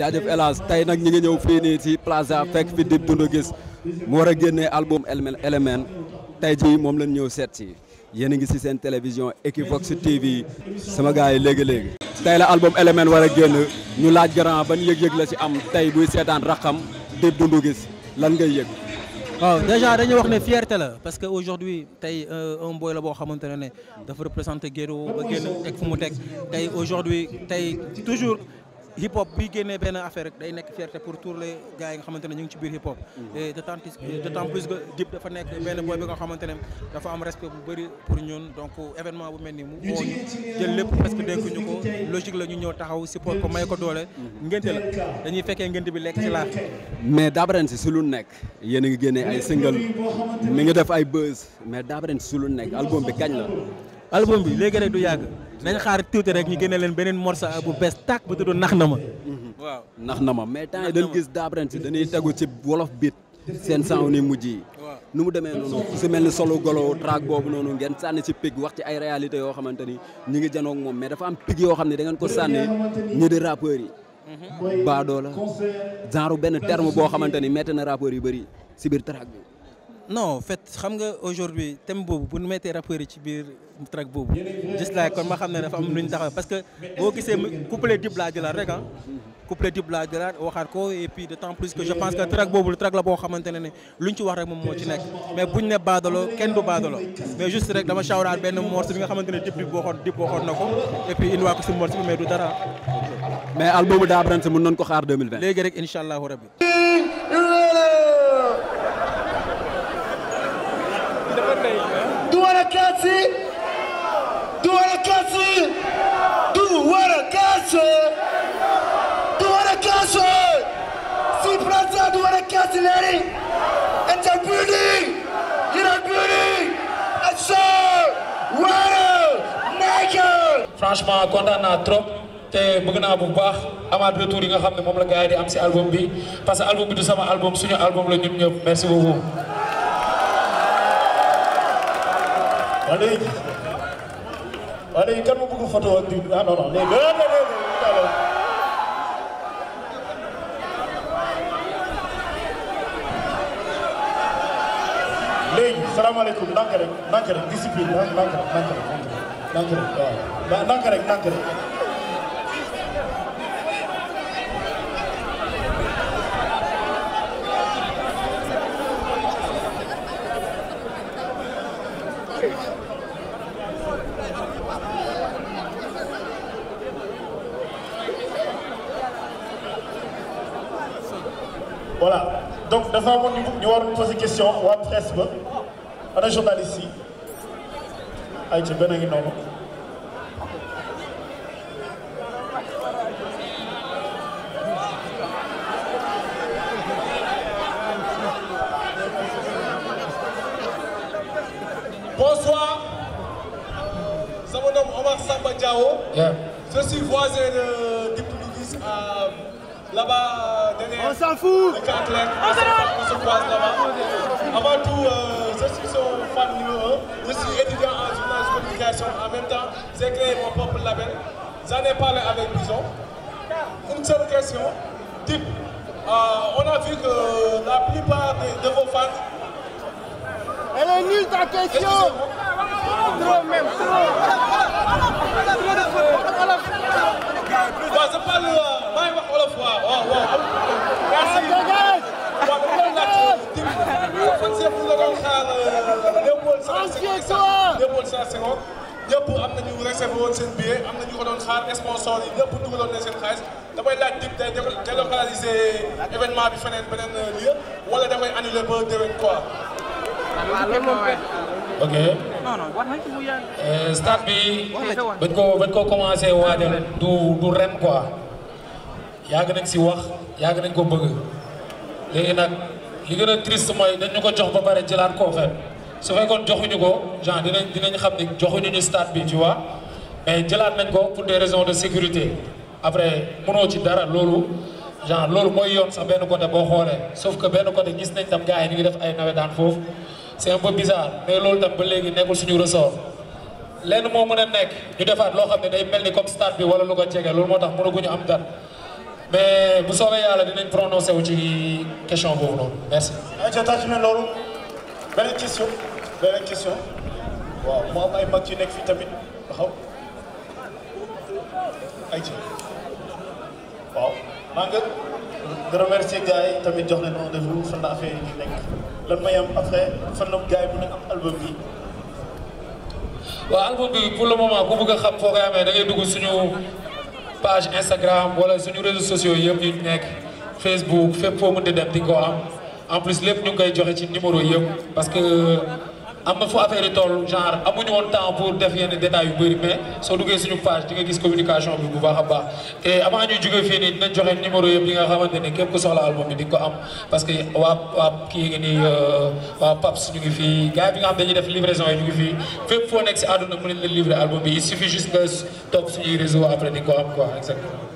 jaajëf El Hadj tey nag ñi ngi ñëw fii nii ci plaza fekk fi Dip Doundou Guiss mu war a génnee album Element tey jii moom lañ ñëw seet si yéen a ngi si seen télévision Equivox TV sama gars yi léegi-léegi tey la album Element war génn ñu laaj grand ban yëg-yëg la ci am tey buy seetaan raxam Dip Doundou Guiss lan ngay yëg waaw déjà dañuy wax ne fierté la parce que aujourd'hui tey euh, un boy la boo xamante ne ne dafa représenté géro ba génn teg fu mu teg tey aujourd'hui tey toujours hip hop bi génnee benn affaire rek day nekk fierté pour tous les gars nga xamante ne ñu ngi ci biir hip hop. et de tant de tant plus que Dip dafa nekk benn boy nga xamante ne dafa am respect bu bari pour ñun donc événement bu mel ni mu woo ñu jël lépp presque dénk ñu ko logique la ñu ñëw taxaw support ko may ko doole. ngénte la dañuy fekkee ngénte bi lekk ci laa. mais Dab Ranch si lu nekk yéen a ngi génne ay single mi ngi def ay buzz mais Dab Ranch si lu nekk album bi kañ la. album bi léegi rek du yàgg. nañ xaar tuuti rek ñu génne leen beneen morceau bu bees tàkk bu tudd nax na ma. waaw nax na ma mais temps yi gis Dabrène si dañuy tegu ci wolof bit seen sànq ni mujj yi. nu mu demee noonu su mel ni solo golo track boobu noonu ngeen sànni si pig wax ci ay réalité yoo xamante ni ñu ngi janoog moom mais dafa am pig yoo xam ne da ngeen ko sànni ñi di rappeurs yi. Mhm. baadoo la genre benn terme boo xamante ni métti na rappeurs yu bëri si biir track bi. non fet xam nga aujourd'hui thème boobu bu nu mettee rappeurs ci biir track boobu juste like kon ma xam ne dafa am lu ñu parce que boo gisee couplet dib ah, waxaat ko et puis de temps la boo xamante ne ne luñ ci wax rek moom moo ci nekk mais buñ ne baadaloo kenn du baadaloo mais juste rek dama shawraat benn morceau bi nga xamante ne dib bi waxoon dib waxoon na ko et puis indiwaat ko si morceau bi mais du dara mais albumu daa brant mën ko xaar léegi rek incha rabbi kazi, duara kazi, duara kazi, duara kazi. Si Plaza duara kazi lady, a building, a Franchement kontaan naa trop te bëgg naa bu baax amaat retour yi nga xam ne moom la gars yi am si album bi parce que album bi du sama album suñu album la ñun ñëpp merci beaucoup. waaw léegi waaw léegi kan ma bëgg photo ak di ah non non léegi non non non léegi discipline ndànk rek ndànk rek voilà donc dafa amoon ñu war a question waa presse ba ana journaliste yi ay ah, ca benn ngi noonu bonsoir sama nom Omar Samba Diao yeah. je suis là-bas derrière. on s'en fout. le camp clair on se croise avant tout euh, je son fan numéro un. je suis étudiant en journalisme communication en mon propre label. j'en ai avec Bison. une seule question. Dip euh, on a vu que euh, la plupart de, de vos fans. elle est nulle ta question. trop même trop. Euh, waaw c'est pas le maa ngi wax olof waaw waaw waaw. merci waaw dama doon laaj fan si yëpp la doon xaar Léopold Sédar Senghor Léopold Sédar Senghor ñëpp am nañu réservé woon seen billet am nañu ko doon xaar sponsor yi ñëpp dugaloon nañ seen xaalis damay laaj dib day délocaliser événement bi feneen beneen lieu wala damay annuler ba déwén quoi. ok. Euh, stade bi bañ ko bañ ko commencé waajal du du ren quoi yàgg nañ si wax yàgg nañ ko bëgg léegi nag li gën a triste mooy dañ ñu ko jox ba pare jëlaat koo xel su fekkoon joxuñu ko genre dinañ dinañ xam ne joxuñu ñu stade bi tu vois mais jëlaat nañ ko pour de raisons de sécurité après mënoo ci dara loolu genre loolu mooy yoon sax benn côté boo xoolee sauf ko benn côté gis nañ tam gars yi ñu ngi def ay nawetaan foofu. c'est un peu mais loolu tam ba léegi nekkul suñu ressort lenn moo mën a nekk ñu defaat loo xam ne day mel ni comme stade bi wala lu ko jege loolu moo tax ñu am date mais bu soobee yàlla dinañ prononcé wu ci question boobu noonu merci. ayca tàcc na loolu beneen question beneen question waaw mu am ay mag ci nekk fii tamit taxaw ayca waaw. maa ngi remercier gars tamit jox leen rendez-vous fan la affaire lan may am après fan la gars yi mën am album bi. waaw album bi pour le moment ku bëgg a xam foo koy amee da ngay dugg suñu page Instagram wala suñu réseaux sociaux yëpp yu nekk Facebook fépp foo mën di di ko am en plus lépp ñu ngi koy joxe ci numéro yëpp parce que. am na fu affaire yi toll genre amuñu woon temps pour def yenn détails yu bëri mais soo duggee suñu page di nga gis communication bi bu baax a baax te avant ñuy jógee fii nii dinañ joxe numéro yëpp yi nga xamante ne képp ku soxla album bi di ko am parce waa waa kii ngi nii euh, waa PAPS ñu ngi fii gars bi nga xam dañuy def livraison yi ñu ngi fii fépp foo nekk si àdduna mën nañ la livrer album bi il suffit juste nga topp suñuy réseau après di nga ko exactement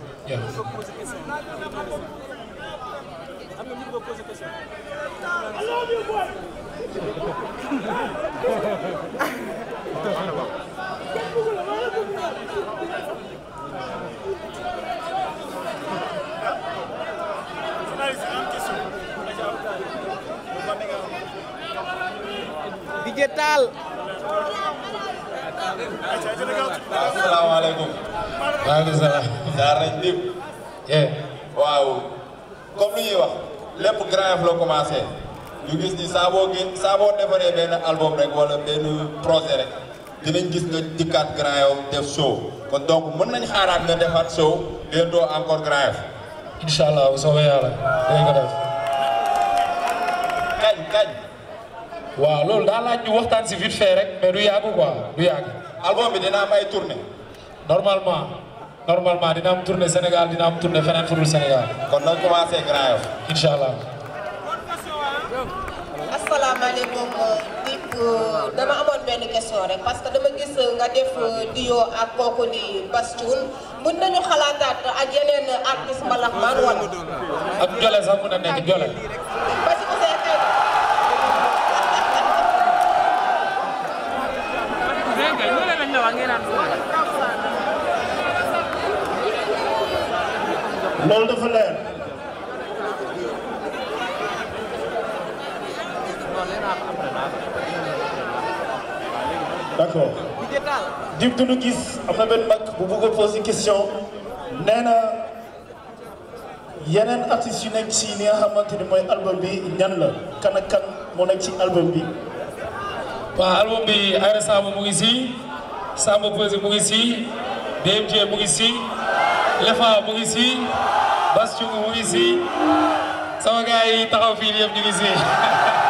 DJ Tall asalaamaaleykum maa ngi salaam jaar nañ eh, la commencé ñu gis ni saa boo gis saa boo defaree album rek wala benn projet rek dinañ gis na dikkaat Grand Yoff def show kon donc mën nañ xaaraat nga defaat show bientôt encore Grand Yoff. allah bu soobee ko def. kañ kañ. waaw loolu daa laaj ñu waxtaan si vite fait rek mais du yàgg quoi du yàgg. album bi dina am ay tournée. normalement normalement dina am tournée Sénégal dina am tournée feneen fudul Sénégal. kon na commencé Grand Yoff. incha allah. asalaamaaleykum dip dama amoon benn question rek parce que dama gis nga def duo ak kooku di Bass nañu xalaataat ak yeneen artiste mbalax maan wala ak jole sax mën na nekk jole loolu dafa leer d'accord Dip Doundou Guiss am na benn mag bu bëgg a poser question nee na yeneen artistes yu nekk ci li nga xamante ni mooy album bi ñan la kan ak kan moo nekk ci album bi waaw album bi Aïda Samb mu ngi si Samba Peuzé mu ngi si DMJ mu ngi si Lefa mu ngi si Bass Thioung mu ngi sama gars taxaw fii yëpp ñu ngi si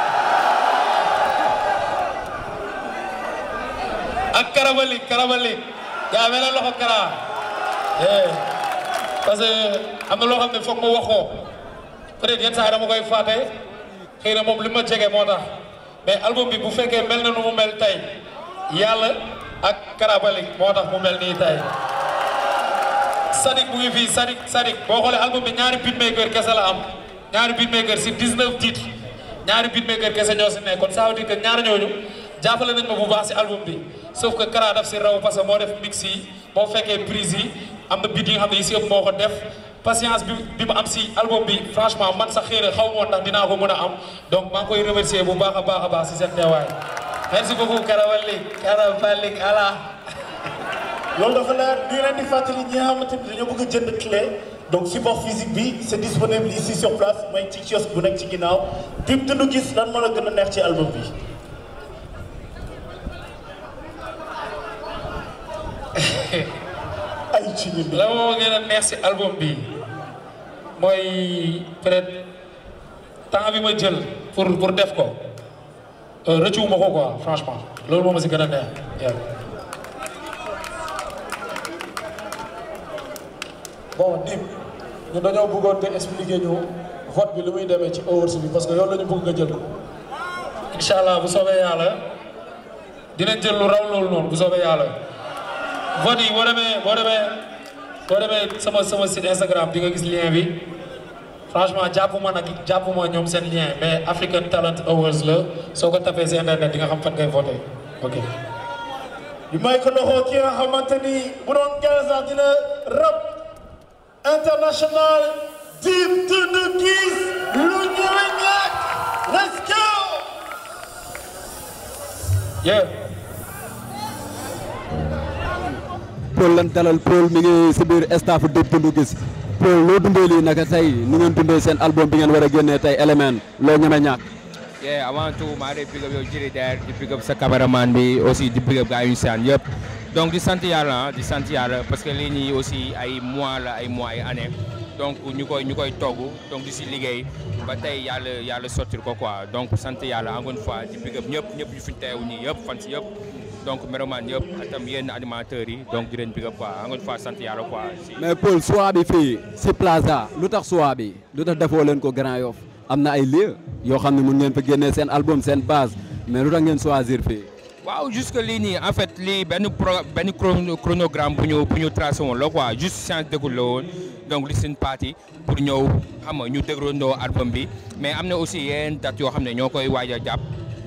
ak karabali karabali yaa welee loxo kara eh, parce que am na loo xam ne foog ma waxoo peut-être yenn saa yi dama koy fàtte xëy na moom li ma jege moo tax mais album bi bu fekkee mel na nu mu mel tey yàlla ak karabali moo tax mu mel nii tey Sadik mu ngi fii Sadik Sadik boo xoolee album bi ñaari beatmaker kese la am ñaari beatmaker si 19 titres ñaari beatmaker kese ñoo si nekk kon ça veut dire ñooñu jàppale nañ ma bu baax si album bi sauf que Kara si raw parce que moo def mix yi boo fekkee prise yi am na bit xam ne yi si ëpp moo ko def patience bi mu am si album bi franchement man sax xëy na xaw moon ndax dinaa ko mën a am donc maa ngi koy remercier bu baax a baax a baax si seen teewaay merci beaucoup Kara Wally Kara Wally ala loolu dafa leer di leen di fàttali ñi nga xamante ni dañoo bëgg a jënd clé donc support physique bi c'est disponible ici sur place mooy ci kiosque bu nekk ci ginnaaw di dund gis lan mën a gën a neex ci album bi ut si ñun. la moo gën neex si album bi mooy peut-être bi ma jël pour pour def ko euh, rëccuwu ma ko quoi franchement loolu moo ma si gën a neex bon Dip ñu dañoo buggoon nga expliquer ñu vote bi lu muy demee ci awards bi parce que yow la ñu nga jël ko. incha allah bu soobee yàlla dina jël lu raw loolu noonu bu soobee yàlla. vote yi boo demee boo demee boo demee sama sama site Instagram di nga gis lien bi franchement jàppuma nag jàppuma ñoom seen lien mais African Talent Awards la soo ko tapee si internet di nga xam fan ngay voté ok. ñu may ko loxo ki nga xamante ni bu dina rap international Deep Tundu Kiss lu ñëwee ñaak Paul lan dalal Paul mi ngi si biir staff Dip Doundou Guiss Paul loo dundee lii naka tey ni ngeen dundee seen album bi ngeen war a génnee tey Element loo ñeme ñàkk. yeah avant tout maa ngi lay big yow Jiri di big sa cameraman bi aussi di big up gars yu saan yëpp donc di sant yàlla di sant yàlla parce que lii nii aussi ay mois la ay mois ay donc ñu koy ñu koy togg donc di si liggéey ba tey yàlla yàlla sottil ko quoi donc sant yàlla en une fois di big up ñëpp ñëpp ñu fi teew ñii yëpp fan si yëpp. donc mélomanes yëpp ak yenn animateur yi donc di leen bëgg quoi encore une fois sant yàlla quoi. mais Paul soir fii si Plaza lu tax soir bi lu tax defoo leen ko Grand Yoff am na ay lieux yoo xam ne mun ngeen fa génnee seen album seen base mais lu tax ngeen choisir fii. waaw jusque lii nii en fait lii benn pro benn chronogramme bu ñëw bu ñu tracé woon la quoi juste chance déglu la woon donc li seen parti pour ñëw xam nga ñu dégloondoo album bi mais am na aussi yeneen dates yoo xam ne ñoo koy waaj jàpp.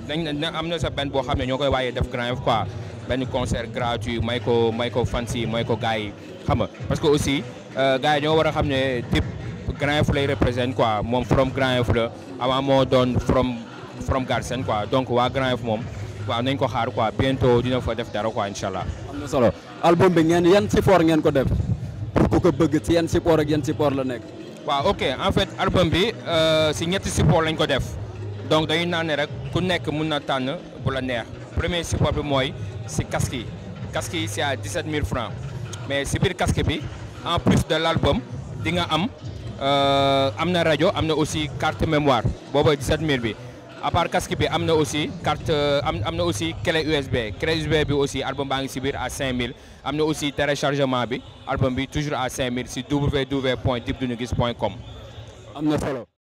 dañ am na sa benn boo xam ne ñoo koy waaye def Grand Yoff quoi benn concert gratuit may ko may ko fans yi may ko gars yi parce que aussi euh, gars yi ñoo war a xam ne type Grand Yoff lay représente quoi moom from Grand Yoff la avant moo doon from from Galsen donc waa Grand Yoff moom waaw nañ ko xaar quoi bientôt dina fa def dara quoi incha allah. am na solo album bi ngeen yan support ngeen ko def pour ku ko bëgg ci yan support ak yan support la nekk. waaw ok en fait album bi euh, si ñetti support lañ ko def donc dañuy ku nekk mun na tànn bu la neex premier support bi mooy si casque yi casque yi c'est à 17 francs mais si biir casque bi en plus de l'album di nga am euh, am na rajo am na aussi carte mémoire booba 17 000 bi à part casque bi am na aussi carte euh, am am na aussi clé USB clé USB bi aussi album baa ngi si biir à 5000 am na aussi téléchargement bi album bi toujours à 5000 si www point dibdounougis point com. am na solo.